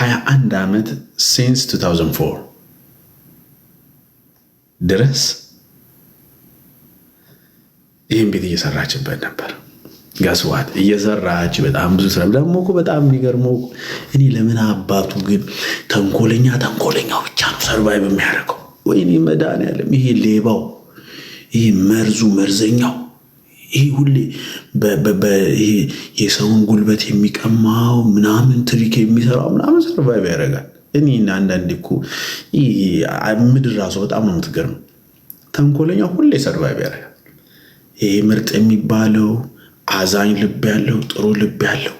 21 ዓመት ሲንስ 2004 ድረስ ይህን ቤት እየሰራችበት ነበር። ጋስዋት እየሰራች በጣም ብዙ ስራ ደግሞ እኮ በጣም የሚገርመው እኔ ለምን አባቱ ግን ተንኮለኛ ተንኮለኛው ብቻ ነው ሰርቫይቭ የሚያደርገው? ወይኔ መድኃኒዓለም ይሄ ሌባው ይሄ መርዙ መርዘኛው ይሄ ሁሌ የሰውን ጉልበት የሚቀማው ምናምን ትሪክ የሚሰራው ምናምን ሰርቫይቭ ያደርጋል። እኔ አንዳንዴ እኮ ምድር ራሱ በጣም ነው የምትገርመው። ተንኮለኛ ሁሌ ሰርቫይቭ ያደርጋል። ይሄ ምርጥ የሚባለው አዛኝ ልብ ያለው ጥሩ ልብ ያለው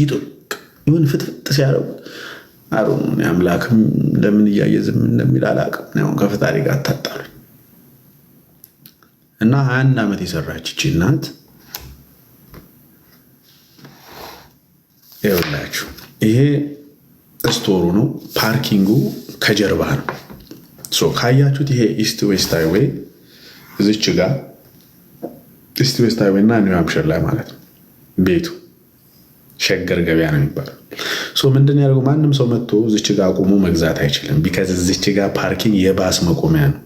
ይጥቅ ይሁን ፍጥፍጥ ሲያደርጉት አሩ አምላክም ለምን እያየ ዝም እንደሚል አላቅም። ከፈጣሪ ጋር አታጣሉኝ። እና ሀያ አንድ ዓመት የሰራች እቺ እናት ይኸውላችሁ፣ ይሄ ስቶሩ ነው። ፓርኪንጉ ከጀርባ ነው። ካያችሁት ይሄ ኢስት ዌስት ሃይዌይ እዚች ጋር ኢስት ዌስት ሃይዌይ እና ኒው ሃምፕሽር ላይ ማለት ነው። ቤቱ ሸገር ገበያ ነው የሚባለው። ምንድን ያደርገው ማንም ሰው መጥቶ እዚች ጋር አቁሞ መግዛት አይችልም። ቢካዝ እዚች ጋር ፓርኪንግ የባስ መቆሚያ ነው።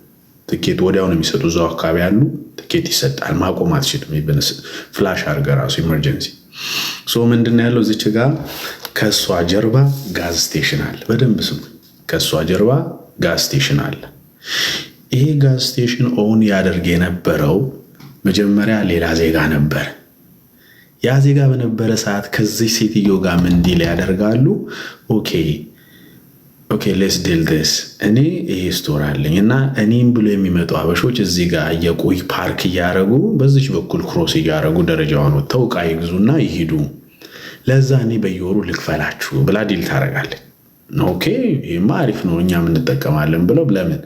ትኬት ወዲያውን ነው የሚሰጡ። እዛው አካባቢ ያሉ ትኬት ይሰጣል። ማቆም አትችልም። ፍላሽ አርገ ራሱ ኢመርጀንሲ። ሶ ምንድን ያለው እዚች ጋር ከእሷ ጀርባ ጋዝ ስቴሽን አለ። በደንብ ስሙ። ከእሷ ጀርባ ጋዝ ስቴሽን አለ። ይሄ ጋዝ ስቴሽን ኦውን ያደርግ የነበረው መጀመሪያ ሌላ ዜጋ ነበር። ያ ዜጋ በነበረ ሰዓት ከዚህ ሴትዮ ጋር ምንዲል ያደርጋሉ ኦኬ ኦኬ ሌስ ዲል ስ እኔ ይሄ ስቶር አለኝ እና እኔም ብሎ የሚመጡ አበሾች እዚህ ጋር የቆይ ፓርክ እያደረጉ በዚች በኩል ክሮስ እያደረጉ ደረጃውን ወጥተው ዕቃ ይግዙና ይሂዱ፣ ለዛ እኔ በየወሩ ልክፈላችሁ ብላ ዲል ታደርጋለች። ኦኬ ይህማ አሪፍ ነው እኛም እንጠቀማለን ብለው ለምን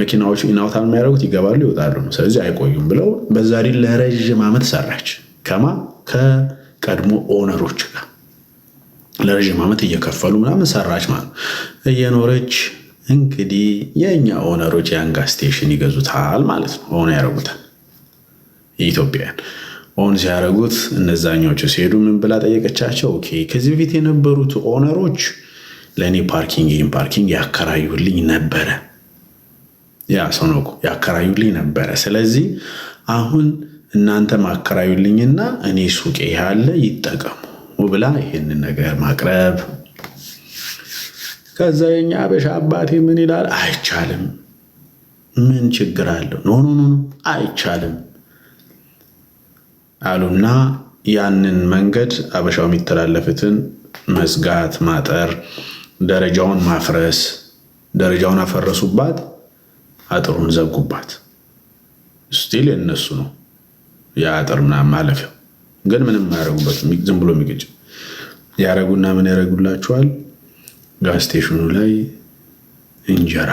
መኪናዎቹ ኢናውታ የሚያደርጉት ይገባሉ ይወጣሉ ነው። ስለዚህ አይቆዩም ብለው በዛ ዲል ለረዥም ዓመት ሰራች ከማ ከቀድሞ ኦነሮች ጋር ለረዥም ዓመት እየከፈሉ ምናምን ሰራች ማለት እየኖረች እንግዲህ የእኛ ኦነሮች ያንጋ ስቴሽን ይገዙታል ማለት ነው። ኦን ያደረጉታል የኢትዮጵያን ኦን ሲያደረጉት እነዛኛዎቹ ሲሄዱ ምን ብላ ጠየቀቻቸው? ኦኬ ከዚህ በፊት የነበሩት ኦነሮች ለእኔ ፓርኪንግ ይህን ፓርኪንግ ያከራዩልኝ ነበረ፣ ያ ሰኖኮ ያከራዩልኝ ነበረ። ስለዚህ አሁን እናንተ ማከራዩልኝና እኔ ሱቄ ያለ ይጠቀሙ ብላ ይህንን ነገር ማቅረብ። ከዛ የኛ አበሻ አባቴ ምን ይላል? አይቻልም። ምን ችግር አለው? ኖ ኖ ኖ አይቻልም አሉና ያንን መንገድ አበሻው የሚተላለፍትን መዝጋት፣ ማጠር፣ ደረጃውን ማፍረስ። ደረጃውን አፈረሱባት፣ አጥሩን ዘጉባት። ስቲል የነሱ ነው የአጥር ምናምን ማለፊያው ግን ምንም አያረጉበትም። ዝም ብሎ የሚገጭ ያረጉና ምን ያረጉላቸዋል? ጋዝ ስቴሽኑ ላይ እንጀራ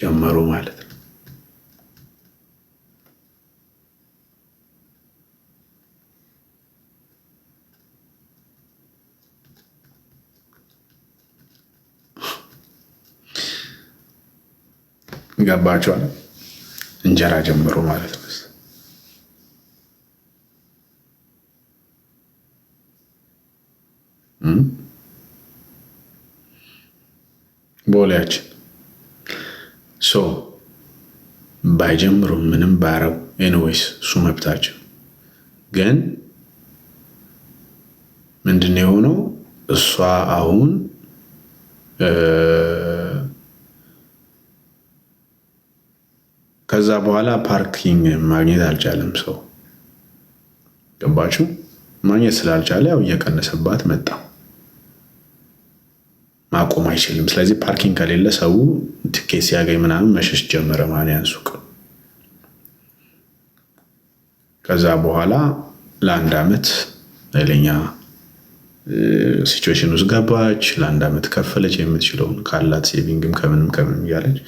ጨመሩ ማለት ነው። ገባቸዋል። እንጀራ ጀምሩ ማለት ነው። ቦሌያችን ሶ ባይጀምሩም ምንም ባረው ኤንዌይስ እሱ መብታቸው ግን ምንድን የሆነው እሷ አሁን ከዛ በኋላ ፓርኪንግ ማግኘት አልቻለም። ሰው ገባችሁ? ማግኘት ስላልቻለ ያው እየቀነሰባት መጣ። ማቆም አይችልም። ስለዚህ ፓርኪንግ ከሌለ ሰው ትኬት ሲያገኝ ምናምን መሸሽ ጀመረ ማሊያን ሱቅ። ከዛ በኋላ ለአንድ ዓመት ኃይለኛ ሲቹዌሽን ውስጥ ገባች። ለአንድ ዓመት ከፈለች የምትችለውን ካላት ሴቪንግም ከምንም ከምንም እያለች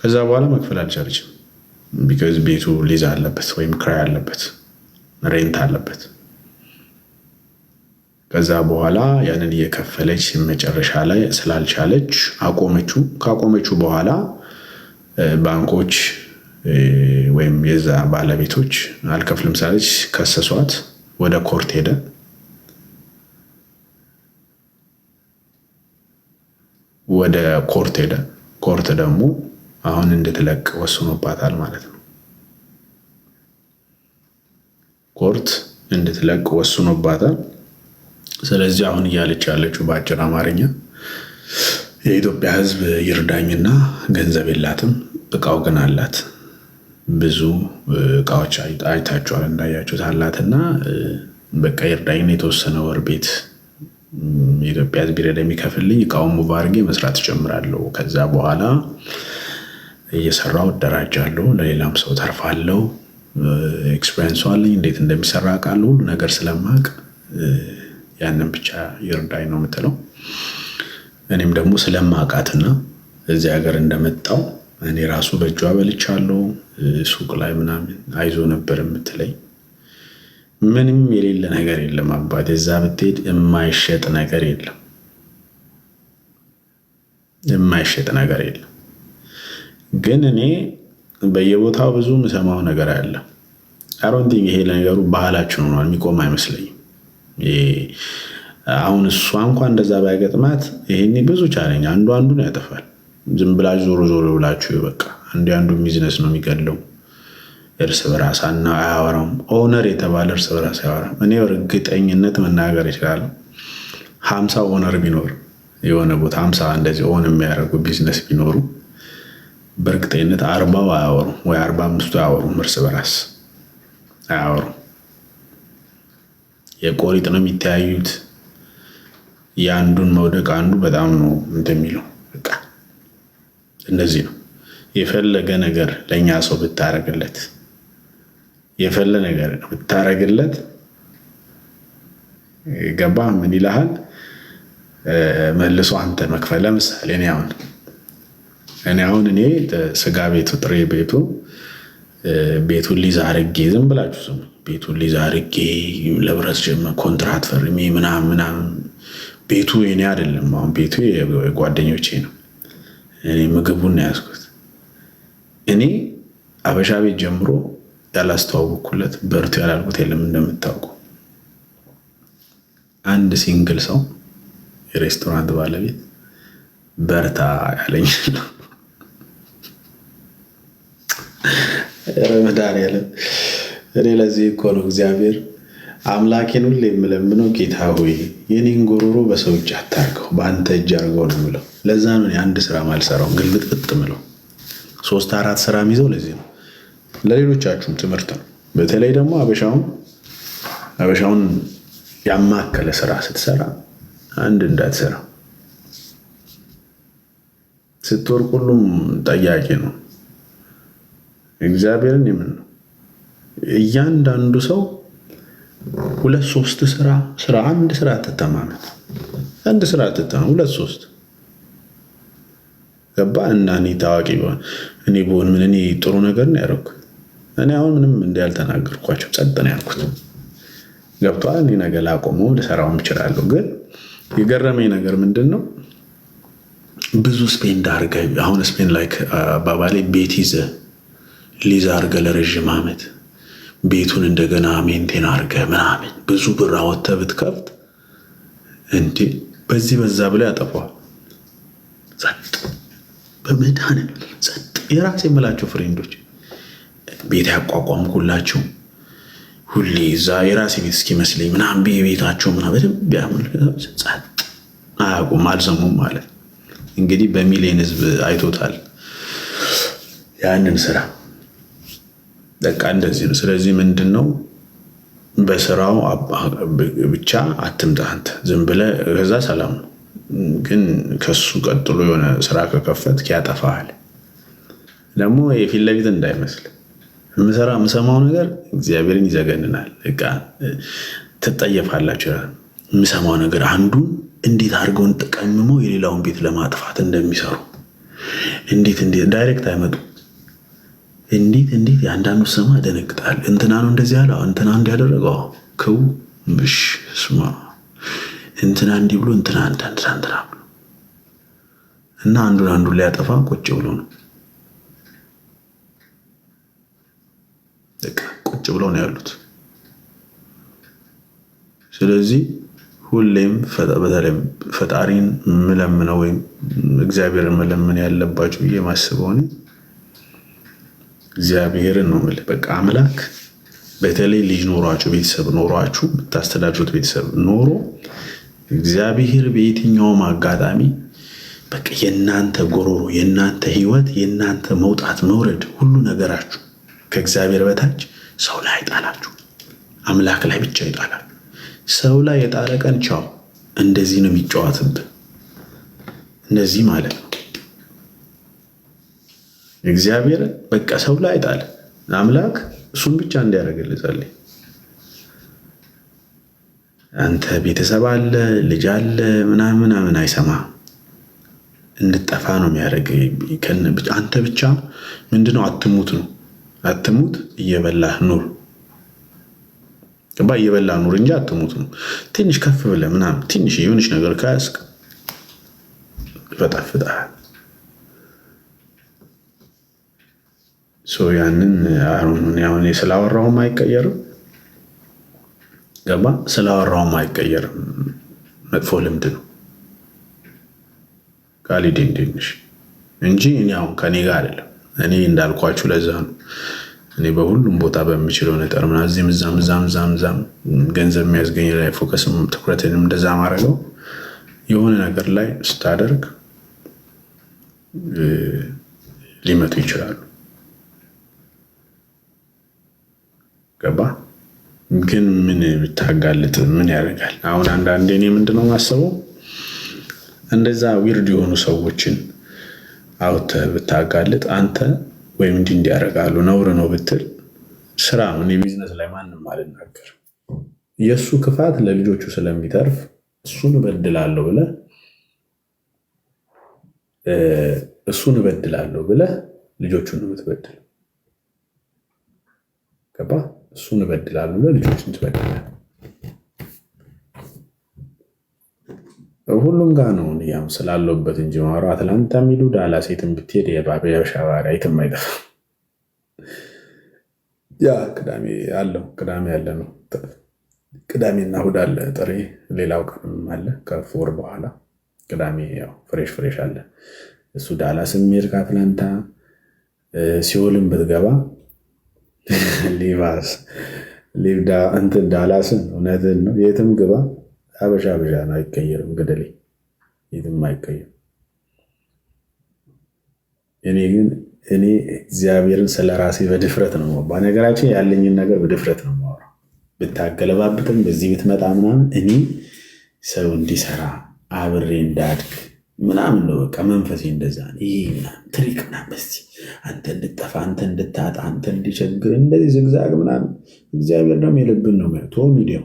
ከዛ በኋላ መክፈል አልቻለችም። ቢካዝ ቤቱ ሊዝ አለበት ወይም ክራይ አለበት፣ ሬንት አለበት። ከዛ በኋላ ያንን እየከፈለች መጨረሻ ላይ ስላልቻለች አቆመችው። ካቆመችው በኋላ ባንኮች ወይም የዛ ባለቤቶች አልከፍልም ሳለች ከሰሷት። ወደ ኮርት ሄደ። ወደ ኮርት ሄደ። ኮርት ደግሞ አሁን እንድትለቅ ወስኖባታል ማለት ነው። ኮርት እንድትለቅ ወስኖባታል። ስለዚህ አሁን እያለች ያለችው በአጭር አማርኛ የኢትዮጵያ ሕዝብ ይርዳኝና ገንዘብ የላትም፣ እቃው ግን አላት። ብዙ እቃዎች አይታችኋል፣ እንዳያችሁት አላትና በቃ ይርዳኝና የተወሰነ ወር ቤት የኢትዮጵያ ሕዝብ ይረዳ የሚከፍልኝ እቃውን ሙቭ አድርጌ መስራት እጀምራለሁ። ከዛ በኋላ እየሰራው እደራጃለሁ፣ ለሌላም ሰው ተርፋለሁ። ኤክስፔሪንሱ አለኝ፣ እንዴት እንደሚሰራ ቃል ሁሉ ነገር ስለማቅ ያንን ብቻ ይርዳኝ ነው የምትለው። እኔም ደግሞ ስለማውቃትና እዚህ ሀገር እንደመጣው እኔ ራሱ በእጇ በልቻለሁ ሱቅ ላይ ምናምን አይዞ ነበር የምትለኝ። ምንም የሌለ ነገር የለም አባት እዛ ብትሄድ የማይሸጥ ነገር የለም፣ የማይሸጥ ነገር የለም። ግን እኔ በየቦታው ብዙ የምሰማው ነገር አለ። አሮንቲንግ ይሄ ነገሩ ባህላችን ሆኗል፣ የሚቆም አይመስለኝም። አሁን እሷ እንኳን እንደዛ ባይገጥማት ይሄኔ ብዙ ቻለኝ አንዱ አንዱን ያጠፋል። ዝም ብላችሁ ዞሮ ዞሮ ብላችሁ በቃ አንዱ አንዱ ቢዝነስ ነው የሚገድለው። እርስ በራስ አያወራም። ኦነር የተባለ እርስ በራስ አያወራም። እኔ እርግጠኝነት መናገር ይችላለሁ ሀምሳ ኦነር ቢኖር የሆነ ቦታ ሀምሳ እንደዚህ ኦን የሚያደርጉ ቢዝነስ ቢኖሩ በእርግጠኝነት አርባው አያወሩም ወይ አርባ አምስቱ አያወሩም። እርስ በራስ አያወሩም። የቆሪጥ ነው የሚተያዩት። የአንዱን መውደቅ አንዱ በጣም ነው እንደሚለው። በቃ እንደዚህ ነው። የፈለገ ነገር ለእኛ ሰው ብታረግለት፣ የፈለ ነገር ብታረግለት ገባ ምን ይልሃል መልሶ አንተ መክፈል። ለምሳሌ እኔ አሁን እኔ አሁን እኔ ስጋ ቤቱ ጥሬ ቤቱ ቤቱን ሊዝ አርጌ ዝም ብላችሁ ቤቱን ሊዛ አድርጌ ለብረት ኮንትራት ፈርሜ ምናምን ምናምን ቤቱ የኔ አይደለም። አሁን ቤቱ ጓደኞቼ ነው። እኔ ምግቡን ነው ያዝኩት። እኔ አበሻ ቤት ጀምሮ ያላስተዋወቅኩለት በርቱ ያላልኩት የለም። እንደምታውቁ አንድ ሲንግል ሰው የሬስቶራንት ባለቤት በርታ ያለኝ ረመዳን ያለን እኔ ለዚህ እኮ ነው እግዚአብሔር አምላኬን ሁሌ የምለምነው ጌታ ሆይ የኔን ጎሮሮ በሰው እጅ አታርገው፣ በአንተ እጅ አርገው ነው ምለው። ለዛ ነው አንድ ስራ ማልሰራው ግልብጥብጥ ምለው። ሶስት አራት ስራ ይዘው ለዚህ ነው። ለሌሎቻችሁም ትምህርት ነው። በተለይ ደግሞ አበሻውን አበሻውን ያማከለ ስራ ስትሰራ አንድ እንዳትሰራ። ስትወርቅ ሁሉም ጠያቂ ነው። እግዚአብሔርን የምን ነው እያንዳንዱ ሰው ሁለት ሶስት ስራ ስራ አንድ ስራ አትተማመን፣ አንድ ስራ አትተማመን፣ ሁለት ሶስት ገባ እና እኔ ታዋቂ እኔ በሆን ምን እኔ ጥሩ ነገር ነው ያደረኩ። እኔ አሁን ምንም እንዲ ያልተናገርኳቸው ጸጥ ነው ያልኩት። ገብቷል። እኔ ነገር ላቆመው ልሰራውም እችላለሁ። ግን የገረመኝ ነገር ምንድን ነው ብዙ ስፔን ዳርገ አሁን ስፔን ላይ አባባሌ ቤት ይዘ ሊዛ አርገ ለረዥም ዓመት ቤቱን እንደገና ሜንቴን አርገ ምናምን ብዙ ብር አወተ ብትከፍት እንዴ በዚህ በዛ ብለ ያጠፋ ጸጥ በመድኃኔ ጸጥ። የራሴ የምላቸው ፍሬንዶች ቤት ያቋቋምኩላቸው ሁሌ እዛ የራሴ ቤት እስኪመስለኝ ምናምን ቤታቸው ምና በደንብ ጸጥ አያውቁም፣ አልሰሙም ማለት እንግዲህ በሚሊዮን ህዝብ አይቶታል ያንን ስራ በቃ እንደዚህ ነው። ስለዚህ ምንድን ነው በስራው ብቻ አትምጣ አንተ ዝም ብለህ ከዛ ሰላም ነው። ግን ከሱ ቀጥሎ የሆነ ስራ ከከፈትክ ያጠፋሃል። ደግሞ የፊት ለፊት እንዳይመስል ምሰራ የምሰማው ነገር እግዚአብሔርን ይዘገንናል። በቃ ትጠየፋላችሁ። የምሰማው ነገር አንዱን እንዴት አድርገውን ጠቀምመው የሌላውን ቤት ለማጥፋት እንደሚሰሩ እንዴት እንዴት ዳይሬክት አይመጡም እንዴት እንዴት የአንዳንዱ ስማ ያደነግጣል። እንትና ነው እንደዚህ ያለው፣ እንትና እንዲያደረገው ክው ምሽ ስማ እንትና እንዲህ ብሎ እንትና እንትና እንትና ብሎ እና አንዱን አንዱን ሊያጠፋ ቁጭ ብሎ ነው ቁጭ ብለው ነው ያሉት። ስለዚህ ሁሌም በተለይ ፈጣሪን ምለምነው ወይም እግዚአብሔርን መለመን ያለባቸው ብዬ ማስበው እግዚአብሔርን ነው የምልህ። በቃ አምላክ በተለይ ልጅ ኖሯችሁ ቤተሰብ ኖሯችሁ የምታስተዳድሩት ቤተሰብ ኖሮ እግዚአብሔር በየትኛውም አጋጣሚ በቃ የእናንተ ጎሮሮ፣ የእናንተ ህይወት፣ የእናንተ መውጣት መውረድ፣ ሁሉ ነገራችሁ ከእግዚአብሔር በታች ሰው ላይ አይጣላችሁ፣ አምላክ ላይ ብቻ ይጣላል። ሰው ላይ የጣለ ቀን ቻው፣ እንደዚህ ነው የሚጫወትብህ። እንደዚህ ማለት ነው። እግዚአብሔር በቃ ሰው ላይ ጣል አምላክ እሱን ብቻ እንዲያደርግልህ ጸልይ። አንተ ቤተሰብ አለ ልጅ አለ ምናምን ምናምን አይሰማ እንድጠፋ ነው የሚያደርግ። አንተ ብቻ ምንድነው አትሙት ነው አትሙት፣ እየበላህ ኑር ባ እየበላ ኑር እንጂ አትሙት ነው። ትንሽ ከፍ ብለህ ምናምን ትንሽ የሆነች ነገር ከያዝክ ይፈጣፍጣል። ያንን አሁን ስላወራውም አይቀየርም። ገባ ስላወራውም አይቀየርም። መጥፎ ልምድ ነው። ቃሊድ እንዲንሽ እንጂ እኔ አሁን ከኔ ጋር አይደለም። እኔ እንዳልኳችሁ ለዛ ነው እኔ በሁሉም ቦታ በሚችለው ነጠር ምና እዚህም እዛም እዛም እዛም እዛም ገንዘብ የሚያስገኝ ላይ ፎከስም ትኩረትንም እንደዛ ማድረገው የሆነ ነገር ላይ ስታደርግ ሊመቱ ይችላሉ። ገባ ግን ምን ብታጋልጥ ምን ያደርጋል? አሁን አንዳንዴ እኔ ምንድነው የማስበው እንደዛ ዊርድ የሆኑ ሰዎችን አውተ ብታጋልጥ አንተ ወይም እንዲህ እንዲያደርጋሉ ነውር ነው ብትል ስራ ምን የቢዝነስ ላይ ማንም አልናገር። የእሱ ክፋት ለልጆቹ ስለሚተርፍ እሱን እበድላለሁ ብለ እሱን እበድላለሁ ብለ ልጆቹን የምትበድል ገባ እሱን እበድላሉ ብለህ ልጆችን ትበድላል። ሁሉም ጋር ነው ያም ስላለበት እንጂ ማሮ አትላንታ የሚሉ ዳላስ የትም ብትሄድ የባቢያው ሸባሪ የትም አይጠፋም። ያ ቅዳሜ አለው ቅዳሜ ያለ ነው ቅዳሜና እሑድ አለ ጥሪ። ሌላው ቀንም አለ ከፎር በኋላ ቅዳሜ ያው ፍሬሽ ፍሬሽ አለ እሱ ዳላስ የሚሄድ ከአትላንታ ሲኦልን ብትገባ ሊባስ እንትን ዳላስን እውነትን ነው። የትም ግባ አበሻ አበሻ ነው። አይቀየርም። ግደሌ የትም አይቀየርም። እኔ ግን እኔ እግዚአብሔርን ስለ ራሴ በድፍረት ነው። በነገራችን ያለኝን ነገር በድፍረት ነው የማወራው። ብታገለባብትም በዚህ ብትመጣ ምናምን እኔ ሰው እንዲሰራ አብሬ እንዳድግ ምናምን ነው በቃ መንፈሴ እንደዛ ነው። ይህ ምናምን ትሪክ ምናምን ስ አንተ እንድጠፋ አንተ እንድታጣ አንተ እንዲቸግር እንደዚህ ዝግዛግ ምናምን። እግዚአብሔር ደግሞ የልብን ነው ቶ ሚዲያው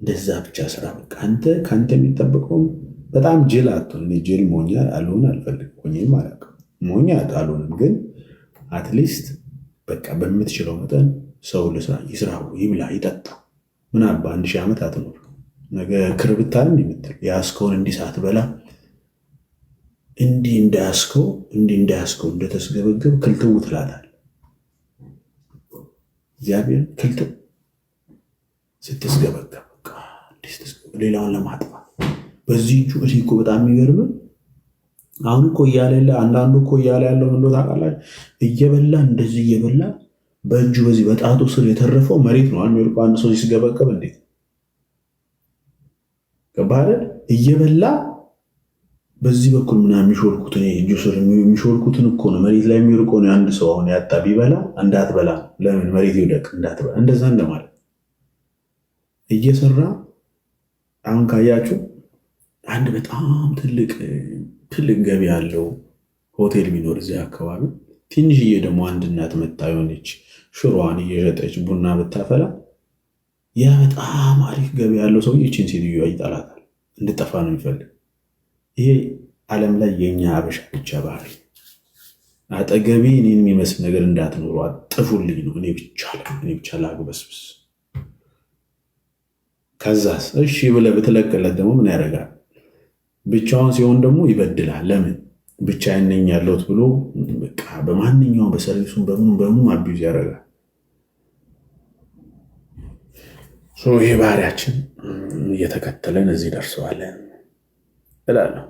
እንደዛ ብቻ ስራ በቃ አንተ ከአንተ የሚጠበቀው በጣም ጅል አትሆን። ጅል ሞኛ አልሆን አልፈልግም። ሆኜም አላውቅም። ሞኛ አልሆንም፣ ግን አትሊስት በቃ በምትችለው መጠን ሰው ልስራ፣ ይስራ፣ ይብላ፣ ይጠጣ። ምናባ አንድ ሺህ ዓመት አትኖር ነገ ክርብታል የምትል የአስከውን እንዲህ ሳትበላ እንዲህ እንዳያስከው እንዲህ እንዳያስከው እንደተስገበገብ ክልትው ትላታል። እግዚአብሔር ክልትው ስትስገበገብ ሌላውን ለማጥፋት በዚህ እጁ እዚህ እኮ በጣም የሚገርም አሁን እኮ እያለ ያለ አንዳንዱ እኮ እያለ ያለው ምንዶ ታውቃላችሁ፣ እየበላ እንደዚህ እየበላ በእጁ በዚህ በጣቱ ስር የተረፈው መሬት ነው። አንድ ሰው ሲስገበገብ እንዴት ባህርን እየበላ በዚህ በኩል ምናምን የሚሾልኩትን ጁስር የሚሾልኩትን እኮ ነው። መሬት ላይ የሚርቆ ነው። አንድ ሰው አሁን ያጣ ቢበላ እንዳትበላ፣ ለምን መሬት ይውደቅ እንዳትበላ፣ እንደዛ እንደማለት እየሰራ አሁን ካያችሁ አንድ በጣም ትልቅ ትልቅ ገቢ ያለው ሆቴል ቢኖር እዚህ አካባቢ ትንሽዬ ደግሞ አንድ እናት መታ የሆነች ሽሮዋን እየሸጠች ቡና ብታፈላ ያ በጣም አሪፍ ገቢ ያለው ሰውዬ ይችን ሴትዮ ይጠላታል፣ እንድጠፋ ነው የሚፈልግ። ይሄ ዓለም ላይ የእኛ አበሻ ብቻ ባህሪ። አጠገቢ እኔን የሚመስል ነገር እንዳትኖሩ አጥፉልኝ ነው። እኔ ብቻ እኔ ብቻ ላግበስብስ። ከዛስ እሺ ብለህ ብትለቅለት ደግሞ ምን ያደርጋል? ብቻውን ሲሆን ደግሞ ይበድላል። ለምን ብቻ ነኝ ያለሁት ብሎ በቃ በማንኛውም በሰርቪሱም በምኑም በምኑም አቢዩዝ ያደርጋል። ይህ ባህሪያችን እየተከተለን እዚህ ደርሰዋለን እላለሁ።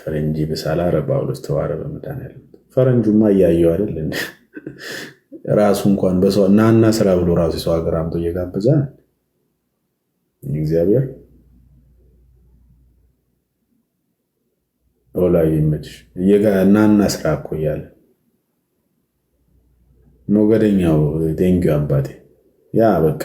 ፈረንጂ ብሳላ ኧረ ጳውሎስ ተዋረ በመዳን ያለ ፈረንጁማ እያየው አይደል ራሱ እንኳን በሰው እናና ስራ ብሎ ራሱ የሰው ሀገር አምቶ እየጋበዛ እግዚአብሔር ኦላዊ እናና ስራ እኮ እያለ ሞገደኛው ቴንኪው አባቴ ያ በቃ